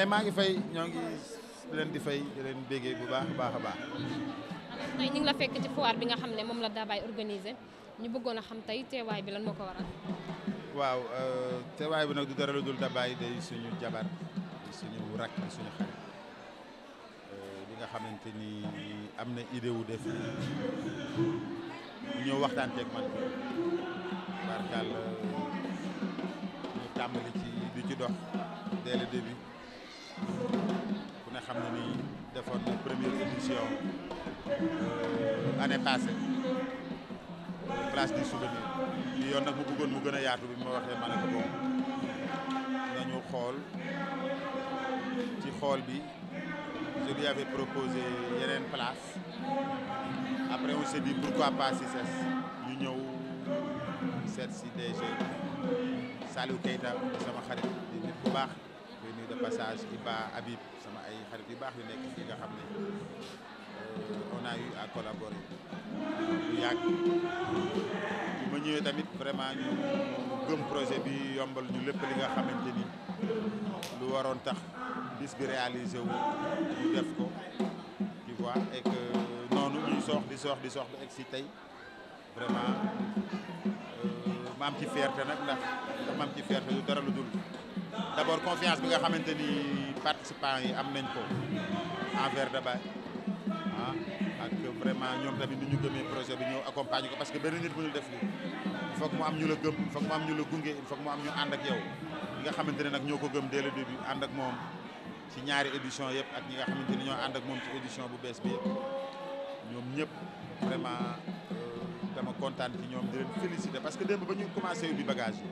mais maa ngi fay ñoo ngi leen di fay leen béggee bu baax a baax a baax. tey ñu ngi fekk ci foire bi nga xam ne moom la Dabaye organisé ñu bëggoon a xam tey teewaay bi lan moo ko waral. waaw euh, teewaay bi nag du dara lu dul Dabaye day suñu jabar di suñu rakk di suñu xarit euh, bi nga xamante ni am na idée wu def ñëw waxtaan ak man barkaal euh, ñu tàmbali ci di ci dox dès le ku ne xam ne ni defoon na première édition euh, année passée place du souvenir li yoon nag mu buggoon mu gën a yaatu bi ma waxee ma ne ko xool ci xool bi je lui avais yeneen place après on s'est dit pourquoi pas CICES ñu ñëw set si DG Saliou Keita sama xarit di nit bu baax passage Iba Habib sama ay xarit yu baax yu nekk li nga xam ne euh, on a eu à collaborer bu yàgg ma ñëwee tamit vraiment ñu gëm projet bi yombal ñu lépp li nga xamante ni lu waroon tax bis bi réalisé wu ñu def ko tu vois et noonu ñuy soox di soox di soox ba egg si tey vraiment euh, maam ci fierté nag ndax ndax ma ci fierté du dara lu dul d'abord confiance bi nga xamante ni participants yi am nañ ko envers Dabaye ah ak vraiment ñoom tamit ni ñu gëmee projet bi ñëw accompagner ko parce que benn nit bu ñu def lii il mu am ñu la gëm il mu am ñu la gunge il faut mu am ñu ànd ak yow nga xamante ne nag ñoo ko gëm dès le début ànd ak moom ci ñaari édition yëpp ak ñi nga xamante ni ñoo ànd ak moom ci édition bu bees bi yëpp ñoom ñëpp vraiment euh, dama kontaan ci ñoom di leen féliciter parce que démb ba ñu commencé ubbi bagage yi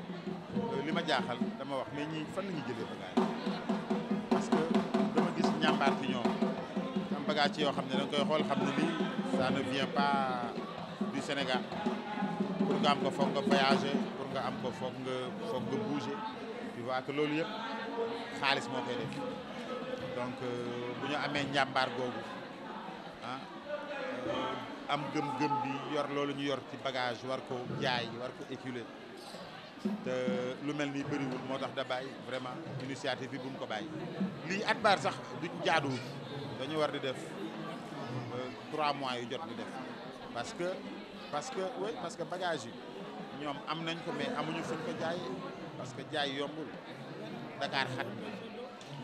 Euh, li ma jaaxal dama wax mais ñi fan lañu ñuy jëlee bagage que dama gis ñàmbaar ci ñoom am bagage ci yoo xam ne da koy xool xam ne lii ça ne vient pas du Sénégal pour nga am ko foog nga voyager pour nga am ko foog nga foog nga bouger tu vois loolu yëpp xaalis moo koy def donc euh, bu ñu amee njàmbaar googu ah euh, am gëm-gëm bi yor loolu ñu yor ci bagage war ko jaay war ko éculer te lu mel ni bëriwul moo tax da bàyyi vraiment initiative bi bu mu ko bàyyi lii at baar sax du jaaduwul dañu war di def euh, trois mois yu jot di def parce que parce que oui parce que bagage yi ñoom am nañ ko mais amuñu fuñ ko jaay parce que jaay yombul Dakar xat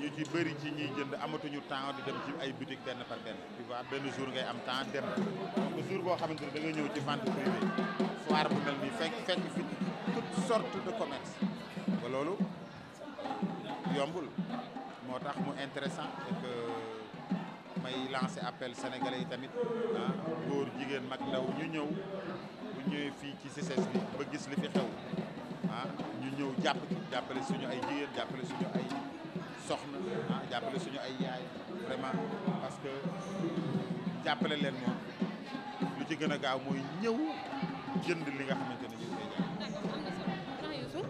ñu ci bëri ci ñuy jënd amatuñu temps di dem ci ay boutique benn par benn tu benn jour ngay am temps dem donc jour boo xamante ne da ñëw ci vente privée foire bu mel nii fekk fekk fi toutes sortes de commerce ba loolu yombul moo tax mu intéressant et que may lancé appel sénégalais yi tamit ah góor jigéen mag ndaw ñu ñëw bu ñëwee fii ci CICES bi ba gis li fi xew ah ñu ñëw jàpp jàppale suñu ay jigéen jàppale suñu ay soxna ah, jàppale suñu ay yaay vraiment parce que jàppale leen moom lu ci gën a gaaw mooy ñëw jënd li nga xamante ne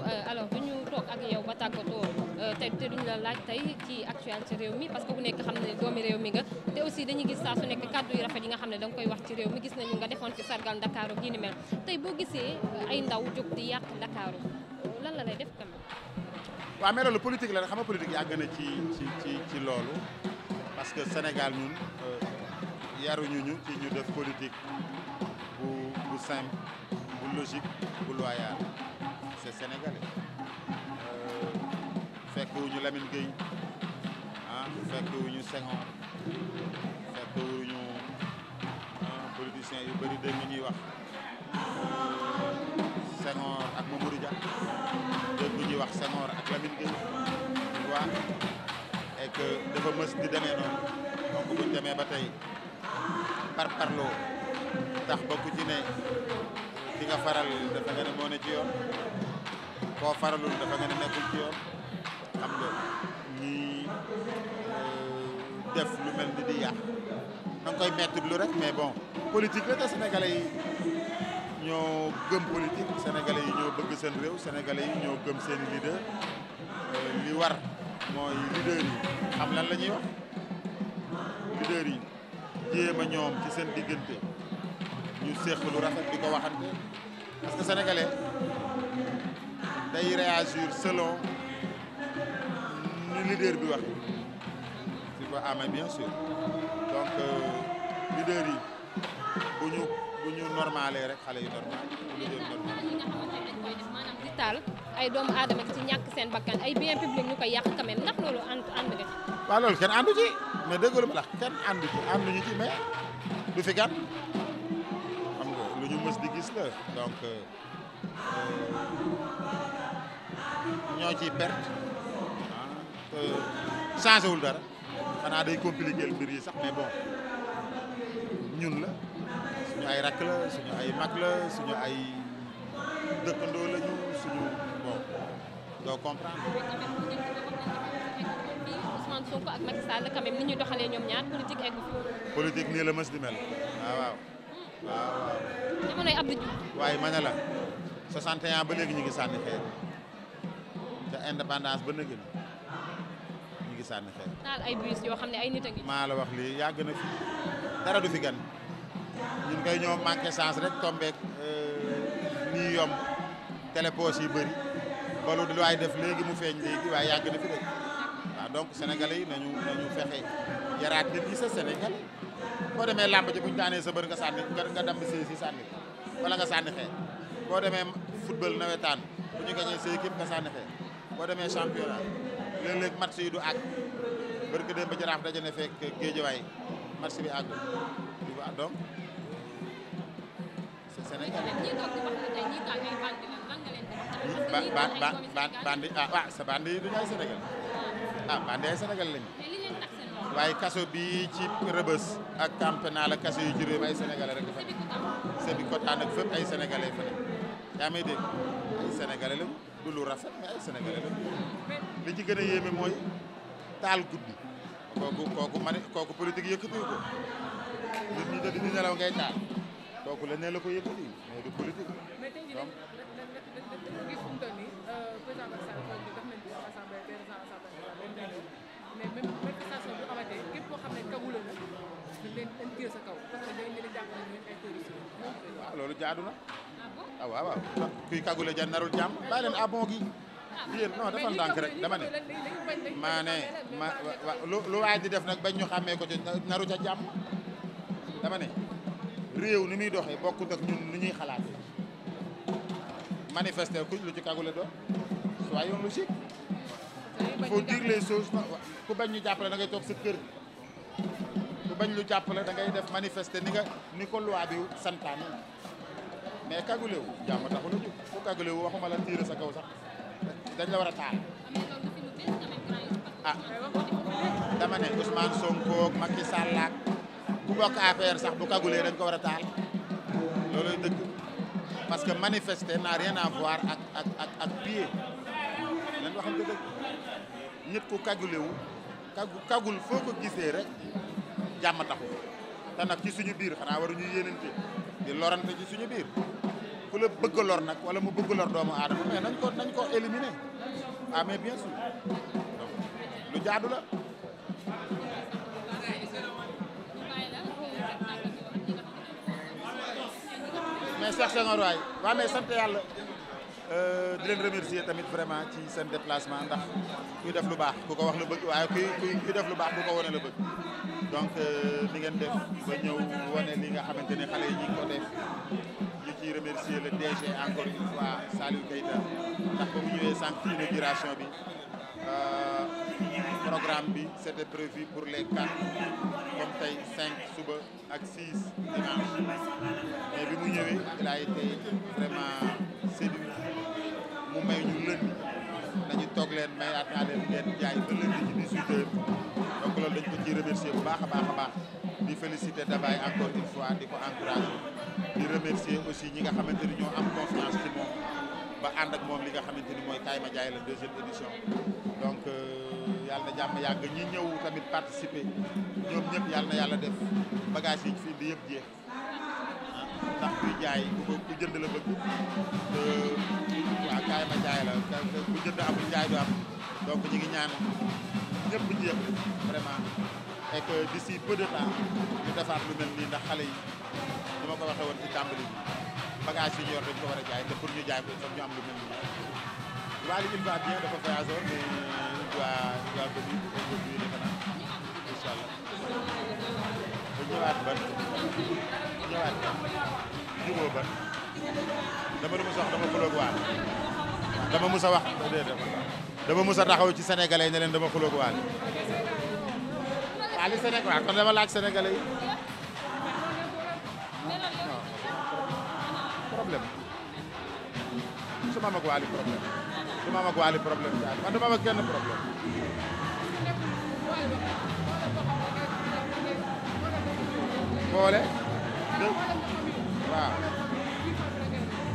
Euh, alors du ñu toog ak yow ba tàggatoo euh, te te duñu la laaj tey ci actualité réew mi parce que bu nekk xam ne doomi réew mi nga te aussi dañuy gis saa su nekk kàddu yu rafet yi nga xam ne da nga koy wax ci réew mi gis nañu nga defoon ci sargal Ndakaaru gi ni mel tey boo gisee euh, ay ndaw jóg di yàq Ndakaaru lan la lay def tamit. waa mais loolu politique la xam nga politique yàgg na ci ci ci ci loolu parce que Sénégal ñun yaruñu ñu ci ñu def politique bu bu bu logique bu loyal. c'est sénégalais euh, fekk wu ñu Lamine Gueye ah fekk wu ñu Senghor fekk wu ñu ah, politiciens yu bëri dégg ñuy wax Senghor ak Mamadou Dia dégg nga ñuy wax Senghor ak Lamine Gueye tu vois dafa mës di demee noonu donc bu ñu demee ba tey par parloo tax ba ci ne ki nga faral dafa nga ne moo ne ci yoon. koo faralul dafa nga ne nekkul ci yoon xam nga ñii euh, def lu mel ni di yàq da koy mettre lu rek mais bon politique la te sénégalais yi ñoo gëm politique sénégalais yi ñoo bëgg seen réew sénégalais yi ñoo gëm seen leader euh, li war mooy leader yi xam lan la ñuy wax leader yi jéem a ñoom ci seen diggante ñu séq lu rafet di ko waxante parce que sénégalais day réagir selon ni leader bi waxee si ko amee bien sûr donc euh, leader yi ñu bu rek xale yu normal bu leader yi normal maanaam di taal ay doomu aadama ci ñàkk seen bakkan ay bien public ñu koy yàq quand même loolu ànd ànd nga ci waaw loolu kenn àndu ci ma la kenn àndu ci ànduñu ci mais du fi xam nga lu ñu mës di gis la donc euh, euh, ñoo ci perte ah, changé wul dara xanaa day compliqué mbir yi sax mais bon ñun la suñu ay rakk la suñu ay mag la suñu ay dëkkandoo la suñu bon doo comprendre. Ousmane ni ñuy doxalee ñoom ñaar politique egg politique nii la mës di mel ah, waaw hmm. ah, waaw. waaw waaw. waaye ma ne la 61 ba léegi ñu ngi sànni xeer. te indépendance ba nëgën ñu ngi sànni la wax lii yàgg na fi dara du fi gan ñun koy ñoo manqué chance rek tombeek euh, nii yomb télépoche yi bëri balu lu waay def léegi mu feeñ léegi waaye yàgg na fi rek waaw donc sénégalais nañu fexe yaraat nit yi sa Sénégal boo demee làmb ji buñ daanee sa bër nga sànni nga damb si si sànni wala nga sànni boo demee football nawetaan bu ñu gañee sa équipe nga sànni boo demee championnat léeg-léeg match yi du àgg barke dem ba jaraaf dajale fekk géejawaay match bi àggul tu vois donc c'est Sénégal. ba bandi ay Sénégal ah bandi waaye kaso bi ci rëbës ak camp naa ak kaso yu juróom ay sénégalais rek fa nekk. Sébikotane ak ay sénégalais fa nekk yaa may ay sénégalais la. du lu rafet mais ay sénégalais la li ci gën a yéeme mooy taal guddi kooku kooku mani kooku politique yëkkati ko nit ñi di nelaw ngay taal kooku la ne la ko yëkkati mais du politique donc euh, mais même manifestation bi amatee képp koo xam ne kagula waaw loolu jaadu na. ah, ah waaw waaw ah, kuy kagule ja narul jàmm bàyyi leen à ah, bon gi. yéen non dafa ndànk rek dama ne maa ne ma lu lu waay di def nag bañ ñu xàmmee ko ci naru ca jàmm dama ne réew ni muy doxee bokkut ak ñun nu ñuy xalaatee manifester ku lu ci kagule doon soyons logiques il faut dire les choses ku bañ ñu jàppale da ngay toog sa kër bañ lu jàpp la da ngay def manifester ni nga ni ko loi bi mais kagule wu jàmm taxul a jóg ku waxuma la tiire sa kaw sax dañ la war a taal. ah dama ne Ousmane Sonko ak Macky Sall ak ku bokk APR sax bu kagulee dañ ko war a taal looloy dëgg parce que manifester n'a rien à voir ak ak ak ak piller dañ dëgg nit ku kagule kagul foo ko gisee rek. jàmm taxu te nag ci suñu biir xanaa waruñu yéenante di lorante ci suñu biir ku la bëgg lor nag wala mu bëgg lor doomu aadama mais nañ ko nañ ko éliminer ah mais bien sûr lu jaadu la. mais Cheikh Senghor waay waaw yàlla. Euh, di leen remercier tamit vraiment ci seen déplacement ndax kuy def lu baax ku ko wax la bëgg waaye kuy def lu baax ku ko wane la bëgg donc euh, li ngeen def ba ñëw wane li nga xamante ne xale yi ñi ko def ñu ciy remercier le DG encore une fois Saliou Keita ndax ba mu ñëwee sànq ci inauguration bi euh, programme bi c'était prévu pour les quatre comme tey cinq suba ak six dimanche mais bi mu ñëwee il a été vraiment séduit may ñu lënd nañu toog leen mayaat naa leen ngeen jaay ba lënd ci 18 heures donc loolu dañ ko ciy remercier bu baax a baax a baax di féliciter Dabaye encore une fois di ko encourager di remercier aussi ñi nga xamante ni ñoo am confiance ci moom ba ànd ak moom li nga xamante ni mooy kaay ma jaay la deuxième édition donc euh, yàlla na jàmm yàgg ñi ñëw tamit participer ñoom ñëpp yàlla na yàlla def bagage yi fii di yëpp jeex ndax kuy jaay ku jënd la bëgg waa kaay jaay la ku jënd amul jaay du am donc ñu ngi ñëpp ñu yëpp vraiment et que d'ici peu de temps ñu lu mel nii ndax xale yi ni ma ko waxee woon ci tàmbali bi bagage yi ñu yor dañ ko a jaay te pour ñu jaay ko foog ñu am lu mel nii Wally il va bien dafa voyageur mais il doit il doit venir aujourd'hui defe naa incha allah ñëwaat ban ñëwaat ban jubóo ban dama du mus a wax dama xuloog waale dama mus a wax dama mus a taxaw ci senegal yi ne leen dama xuloog waale waa li Sénégal waaw kon dama su ma am ak waali su ma am ak waali problème man dama am kenn problème boole. waaw.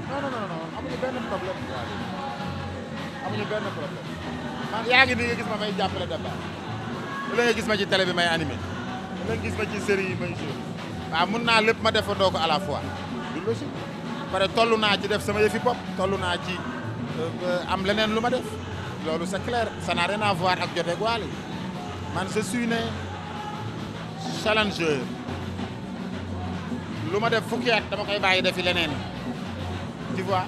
non non non amuñu benn problème. amuñu benn problème. man yaa ngi nii nga gis ma may jàppale Dapha. la nga gis ma ci télé bi may animé. la nga gis ma ci série yi may joué. waaw mun naa lépp ma defandoo ko à la fois. du logique. pare toll naa ci def sama yëfi bopp toll naa ci euh, am leneen lu ma def. loolu c'est clair ça n'a rien à voir ak joteeg waale man je suis né challengeur. lu ma def fukki at dama koy bàyyi defi leneen tu vois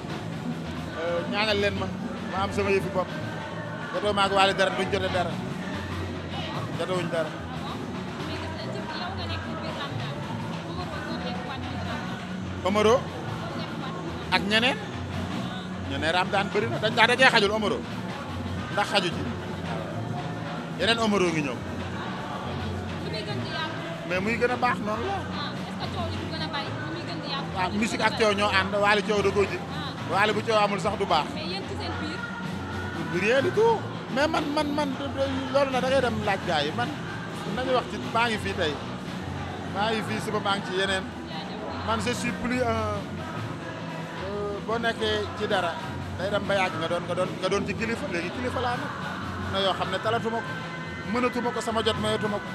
euh, ñaanal leen ma ma am sama yëfi bopp jotoo maag waale dara duñ jote dara jotowuñ dara Omaro ak ñeneen ñeneen raam daan bëri dañ daa dajee xajul Omaro ndax xaju ji yeneen Omaro ngi ñëw mais muy gën a baax noonu la ah, waa musique ak coow ñoo ànd waale coow da koo ji bu coow amul sax du baax. mais yéen ci man man loolu nag da ngay dem laaj gars man nañu wax ci maa ngi fii tey maa ngi fii suba maa ngi ci yeneen man je suis euh, boo nekkee ci dara day dem ba yàgg nga doon nga doon nga doon ci kilifa léegi kilifa laa nag na yoo xam ne talatuma ko mënatuma ko sama jot mayatuma ko.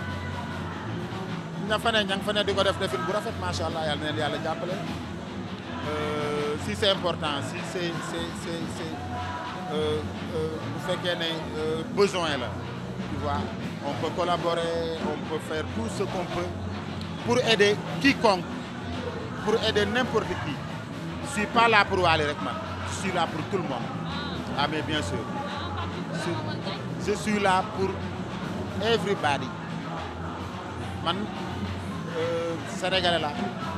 ña fa ne ña fa di ko def defin bu rafet macha allah yàlla na leen yàlla jàppale euh, si c'est important si c'est c'est euh, euh, bu fekkee ne besoin la tu vois on peut collaborer on peut faire tout ce qu'on pour aider quiconque pour aider n'importe qui je pas là pour Wally rek man je suis pour tout le monde ah bien sûr je la pour everybody man euh, sénégalais laa